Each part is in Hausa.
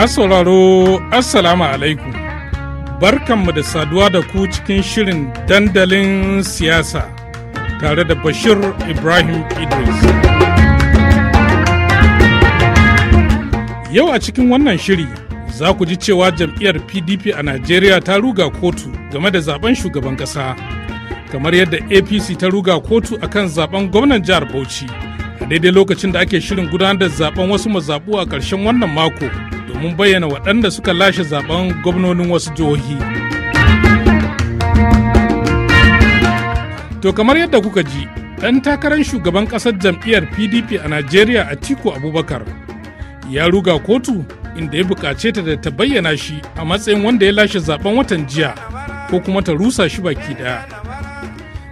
Masu sauraro Assalamu alaikum barkanmu da saduwa da ku cikin shirin dandalin siyasa tare da Bashir Ibrahim Idris. Yau a cikin wannan shiri za ku ji cewa jam'iyyar PDP a Najeriya ta ruga kotu game da zaben shugaban kasa kamar yadda APC ta ruga kotu akan zaben gwamnan jihar Bauchi a daidai lokacin da ake shirin gudanar da zaben wasu mazaɓu a ƙarshen wannan mako. mun bayyana waɗanda suka lashe zaben gwamnonin wasu jihohi to kamar yadda kuka ji ɗan takarar shugaban ƙasar jam'iyyar pdp a najeriya a tiku abubakar ya ruga kotu inda ya buƙace ta da ta bayyana shi a matsayin wanda ya lashe zaben watan jiya ko kuma ta rusa shi baki ɗaya.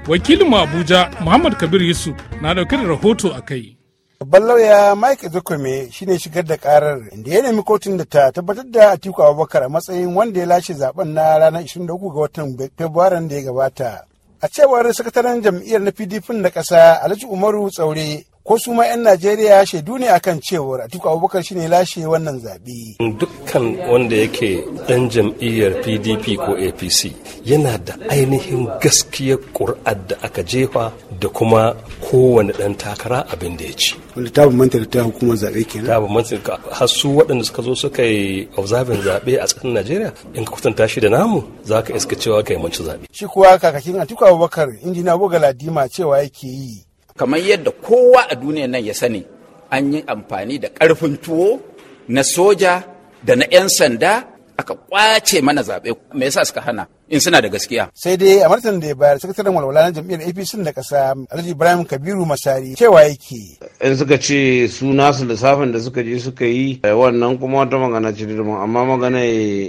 wakilinmu abuja muhammad kabir yusuf na ɗauke da rahoto a kai Babban lauya Mike Zukume shine shigar da karar inda ya nemi kotun da ta tabbatar da Atiku Abubakar a matsayin wanda ya lashe zaben na ranar 23 ga watan Fabrairun da ya gabata. A cewar sakataren jam'iyyar na PDP na ƙasa Alhaji Umaru Tsaure ko su ma 'yan najeriya shaidu ne akan cewar atiku abubakar shine lashe wannan zaɓe. dukkan wanda yake ɗan jam'iyyar pdp ko apc yana da ainihin gaskiyar ƙur'ar da aka jefa da kuma kowane ɗan takara abin da ya ci wanda ta mantar ta hukumar zaɓe kenan ta mantar har su waɗanda suka zo suka yi observing zaɓe a tsakanin najeriya in ka kwatanta shi da namu za ka iska cewa ka yi manci zaɓe shi kuwa kakakin atiku abubakar injina boga ladima cewa yake yi kamar yadda kowa a duniyar nan ya sani an yi amfani da ƙarfin tuwo na soja da na 'yan sanda aka kwace mana zaɓe me yasa suka hana in suna da gaskiya. Sai dai a martan da ya bayar sakataren walwala na jam'iyyar APC da ƙasa Alhaji Ibrahim Kabiru Masari cewa yake. In suka ce su nasu lissafin da suka je suka yi eh, wannan kuma wata magana ce amma magana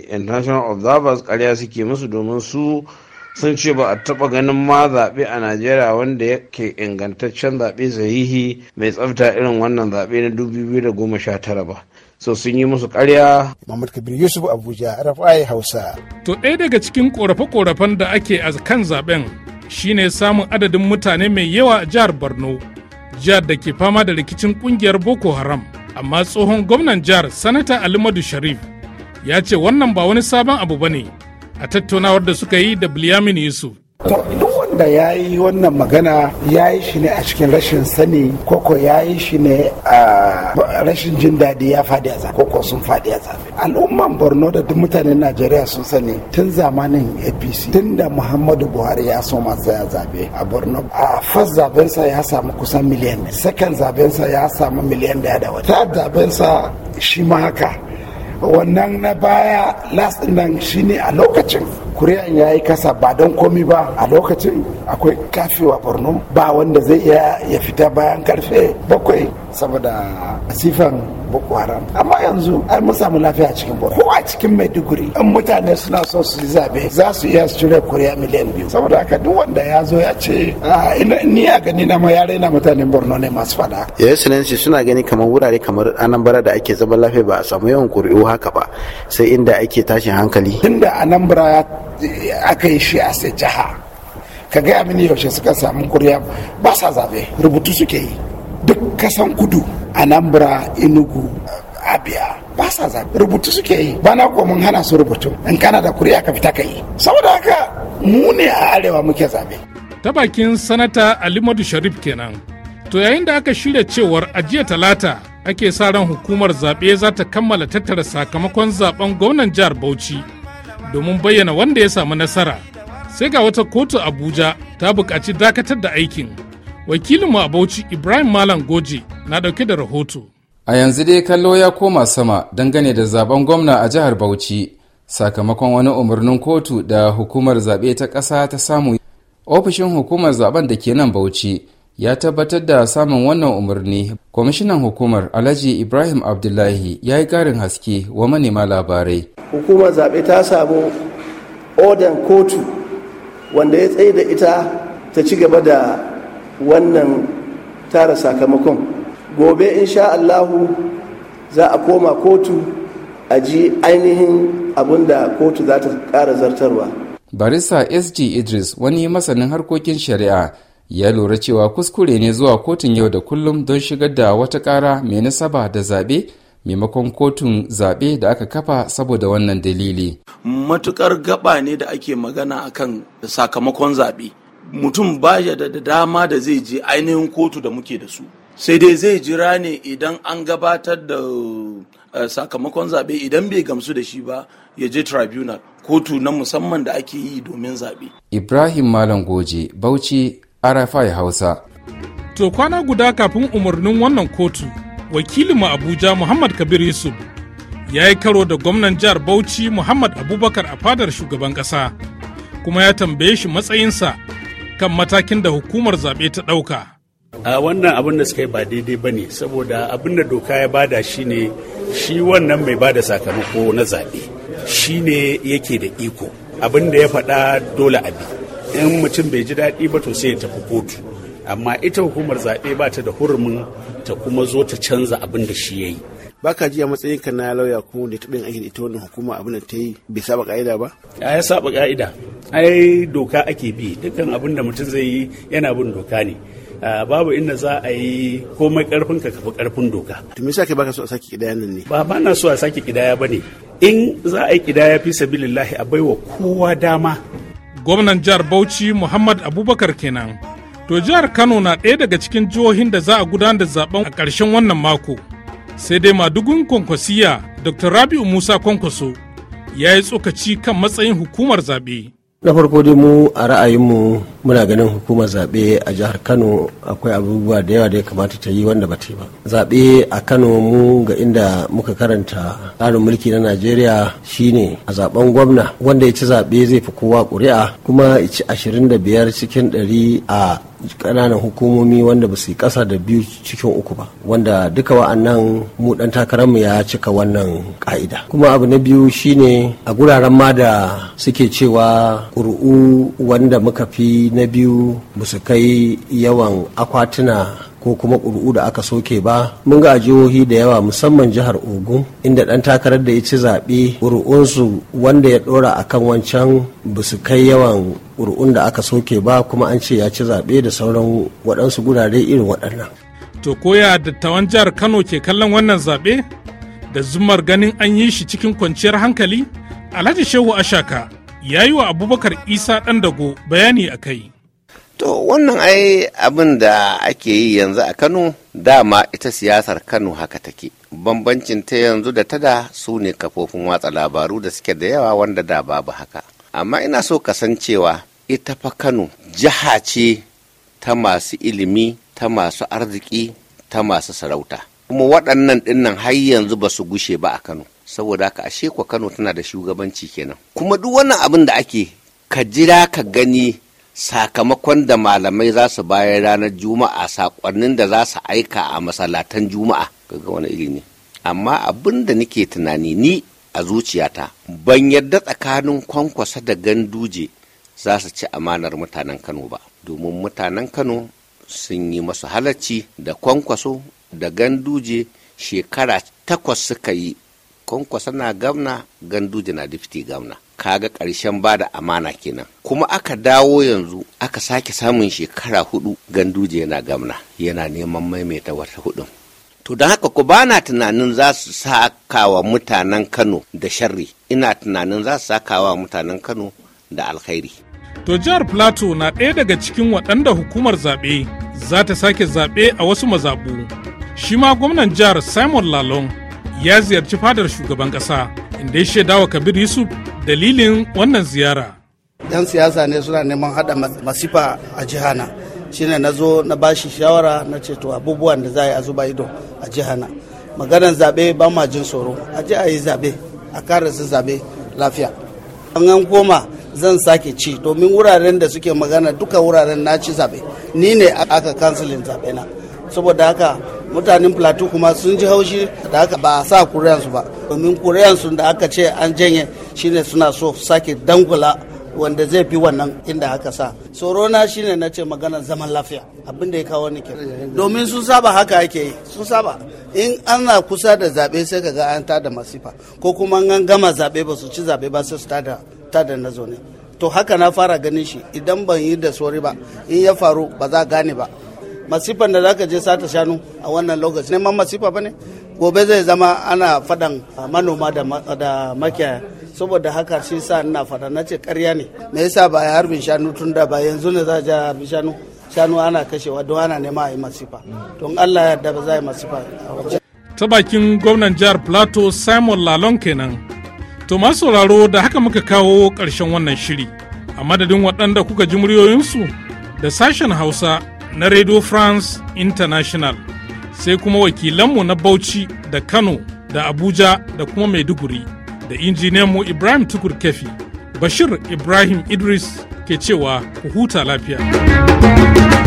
international observers karya suke musu domin su sun ce ba a taba ganin ma zaɓe a najeriya wanda yake ingantaccen zaɓe sahihi mai tsafta irin wannan zaɓe na 2019 ba so sun yi musu karya. Muhammad Kabir Yusuf Abuja, RFI Hausa. To ɗaya daga cikin korafe-korafen da ake a kan zaɓen shine samun adadin mutane mai yawa a jihar Borno, jihar da ke fama da rikicin ƙungiyar Boko Haram. Amma tsohon gwamnan jihar Sanata Alimadu Sharif ya ce wannan ba wani sabon abu ba ne. a tattaunawar da suka yi da Bilyamin Yusuf. wanda ya yi wannan magana ya yi shi ne a cikin rashin sani koko ya yi shi ne a rashin jin daɗi ya faɗi a zafi koko sun faɗi a zafi al'umman borno da duk mutanen najeriya sun sani tun zamanin apc tun da muhammadu buhari ya so masa ya zabe a borno a fas zabensa ya samu kusan miliyan ne. sakan zabensa ya samu miliyan da ya da wata zabensa shi ma haka wannan na baya last nan shine a lokacin kuri'an ya yi kasa ba don komi ba a lokacin akwai kafewa borno ba wanda zai iya ya fita bayan karfe bakwai saboda sifan boko haram amma yanzu ai mun samu lafiya cikin borno ko a cikin maiduguri in mutane suna son su zabe za su iya su cire kuri'a miliyan biyu saboda haka duk wanda ya zo ya ce ah, ni a gani na ma yare na mutanen borno ne masu fada ya excellency suna gani kamar wurare kamar anambra da ake zaman lafiya ba a samu yawan kuri'u haka ba sai inda ake tashin hankali tunda anambra aka yi shi a sai jiha ka gaya mini yaushe suka samu kuriya ba sa zabe rubutu suke yi duk kasan kudu anambra inugu abia ba sa zabe rubutu suke yi ba na kuwa mun hana su rubutu in kana da kuriya ka fita ka yi saboda haka mu ne a arewa muke zabe ta bakin sanata alimadu sharif kenan to yayin da aka shirya cewar a jiya talata ake sa ran hukumar zaɓe za ta kammala tattara sakamakon zaben gwamnan jihar bauchi domin bayyana wanda ya samu nasara sai ga wata kotu abuja ta buƙaci dakatar da aikin wakilinmu a bauchi ibrahim malam goje na ɗauke da rahoto a yanzu dai kallo ya koma sama dangane da zaben gwamna a jihar bauchi sakamakon wani umarnin kotu da hukumar zaɓe ta ƙasa ta samu ofishin hukumar zaben da ke nan bauchi ya tabbatar da samun wannan umarni kwamishinan hukumar alhaji ibrahim abdullahi ya yi karin haske wa manema labarai hukumar zaɓe ta samu odan kotu wanda ya tsaye da ita ta ci gaba da wannan tara sakamakon gobe sha allahu za a koma kotu a ji ainihin abin da kotu za ta ƙara zartarwa barista sg idris wani masanin harkokin shari'a ya lura cewa kuskure ne zuwa kotun yau da kullum don shigar da wata ƙara mai nasaba da zaɓe maimakon kotun zaɓe da aka kafa saboda wannan dalili. Matukar gaba ne da ake magana akan sakamakon zaɓe. Mutum ba da dama da zai je ainihin kotu da muke da su. Sai dai zai jira ne idan an gabatar da eh, sakamakon zaɓe idan bai gamsu da shi ba ya je tribunal kotu na musamman da ake yi domin zaɓe. Ibrahim Malam Goje, Bauchi, RFI Hausa. To kwana guda kafin umarnin wannan kotu, wakilinmu Abuja Muhammad Kabir Yusuf ya yi karo da gwamnan jihar Bauchi Muhammad Abubakar a fadar shugaban ƙasa, kuma ya tambaye shi matsayinsa kan matakin da hukumar zaɓe ta ɗauka. A wannan abin da suka yi ba daidai ba ne, saboda abin da doka ya bada shi ne shi wannan mai bada sakamako na zaɓe, shi ne yake da iko, abin da ya faɗa dole a bi. in mutum bai ji daɗi ba to sai ya tafi kotu amma ita hukumar zaɓe ba ta da hurumin ta kuma zo ta canza abin da shi ya yi ba ka ji a matsayin ka na lauya kuma da taɓin aikin ita wannan hukuma abin da ta yi bai saba ka'ida ba? A ya saba ka'ida ai doka ake bi dukkan abin da mutum zai yi yana bin doka ne babu inda za a yi komai karfin ka kafi karfin doka. to me yasa ke baka so a saki kidaya nan ne? ba ba na so a saki kidaya bane. in za a yi kidaya fi sabilillahi a baiwa kowa dama gwamnan jihar bauchi muhammad abubakar kenan to jihar kano na ɗaya daga cikin jihohin da za a gudanar da zaben a ƙarshen wannan mako sai dai madugun kwankwasiya dr rabiu musa kwankwaso ya yi tsokaci kan matsayin hukumar zaɓe na farko dai mu a ra'ayinmu muna ganin hukumar zaɓe a jihar kano akwai abubuwa da yawa da ya kamata ta yi wanda ba ta yi ba zaɓe a kano mu ga inda muka karanta tsarin mulki na najeriya shine a zaben gwamna wanda ya ci zaɓe zai fi kowa ƙuri'a kuma ya ci ashirin da biyar cikin ɗari a ƙananan hukumomi wanda ba su yi ƙasa da biyu cikin uku ba wanda duka wa'annan mu dan takararmu ya cika wannan ka'ida kuma abu na biyu shine a guraren ma da suke cewa ƙuri'u wanda muka fi na biyu ba su kai yawan akwatuna ko kuma ƙuri'u da aka soke ba mun ga jihohi da yawa musamman jihar ogun inda ɗan takarar da ya ci zaɓe ƙuri'unsu wanda ya ɗora a kan wancan ba su kai yawan ƙuri'un da aka soke ba kuma an ce ya ci zaɓe da sauran waɗansu gurare irin waɗannan. to koya dattawan jihar kano ke kallon wannan zaɓe da zumar ganin an yi shi cikin kwanciyar hankali alhaji shehu ashaka ya yi wa abubakar isa ɗan dago bayani a kai. To wannan ai abin da ake yi yanzu a Kano dama ita siyasar Kano haka take. Bambancin ta yanzu da ta da su ne kafofin watsa labaru da suke da yawa wanda da babu haka. Amma ina so kasancewa ita fa Kano jiha ce ta masu ilimi, ta masu arziki, ta masu sarauta. Kuma waɗannan ɗinnan har yanzu ba su gushe ba a Kano. Saboda haka ashe Kano tana da shugabanci kenan. Kuma duk wannan abin da ake ka jira ka gani sakamakon da malamai za su bayar ranar juma'a sakonnin da za su aika a masalatan juma'a ga wani iri ne amma abin da nake tunani ni a zuciyata ban yarda tsakanin kwankwasa da ganduje za su ci amanar mutanen kano ba domin mutanen kano sun yi masu halarci da kwankwaso da ganduje shekara takwas suka yi kwankwasa na gamna ganduje na difti gamna kaga ƙarshen ba da amana kenan kuma aka dawo yanzu aka sake samun shekara hudu ganduje yana gamna yana neman maimaita wata hudun to don haka ku bana tunanin za su sakawa mutanen kano da sharri ina tunanin za su sakawa mutanen kano da alkhairi to jihar plateau na ɗaya daga cikin waɗanda hukumar zaɓe za ta sake zaɓe a wasu mazaɓu shi ma gwamnan jihar simon lalong ya ziyarci fadar shugaban ƙasa inda ya shaidawa kabir yusuf dalilin wannan ziyara. 'Yan siyasa ne suna neman hada masifa a jihana shine na zo na bashi shawara na ceto abubuwan da za a zuba ido a jihana. Maganar zaɓe ba ma jin tsoro, a ji a yi zaɓe, a kare su zaɓe lafiya. An an goma zan sake ci domin wuraren da suke magana duka wuraren na ci zaɓe. Ni ne aka kansulin zaɓe na. Saboda haka mutanen plateau kuma sun ji haushi da aka ba a sa kuriyansu ba domin kuriyansu da aka ce an janye shine suna so sake dangula wanda zai fi wannan inda aka sa tsoro na shine na ce maganar zaman lafiya abinda ya kawo ni domin sun saba haka ake yi sun saba in ana kusa da zaɓe sai ka ga an tada masifa ko kuma an gama zabe ba su ci zabe ba sai su tada tada na zaune to haka na fara ganin shi idan ban yi da sori ba in ya faru ba za gane ba masifan da zaka je sata shanu a wannan lokaci neman masifa ba ne gobe zai zama ana fadan ah, manoma da makiyaya saboda haka shi sa ina fada na ce karya ne me yasa ba ya harbin shanu tun da ba yanzu ne za a harbin shanu shanu ana kashewa don ana nema a yi masifa don allah ya da ba za a yi masifa ta bakin gwamnan jihar plateau simon lalon kenan to masu sauraro da haka muka kawo karshen wannan shiri a madadin waɗanda kuka ji muryoyinsu da sashen hausa na Radio France International sai kuma wakilanmu na Bauchi da Kano da Abuja da kuma Maiduguri da injiniyanmu Ibrahim Tukur Kefi. Bashir Ibrahim Idris ke cewa ku huta lafiya.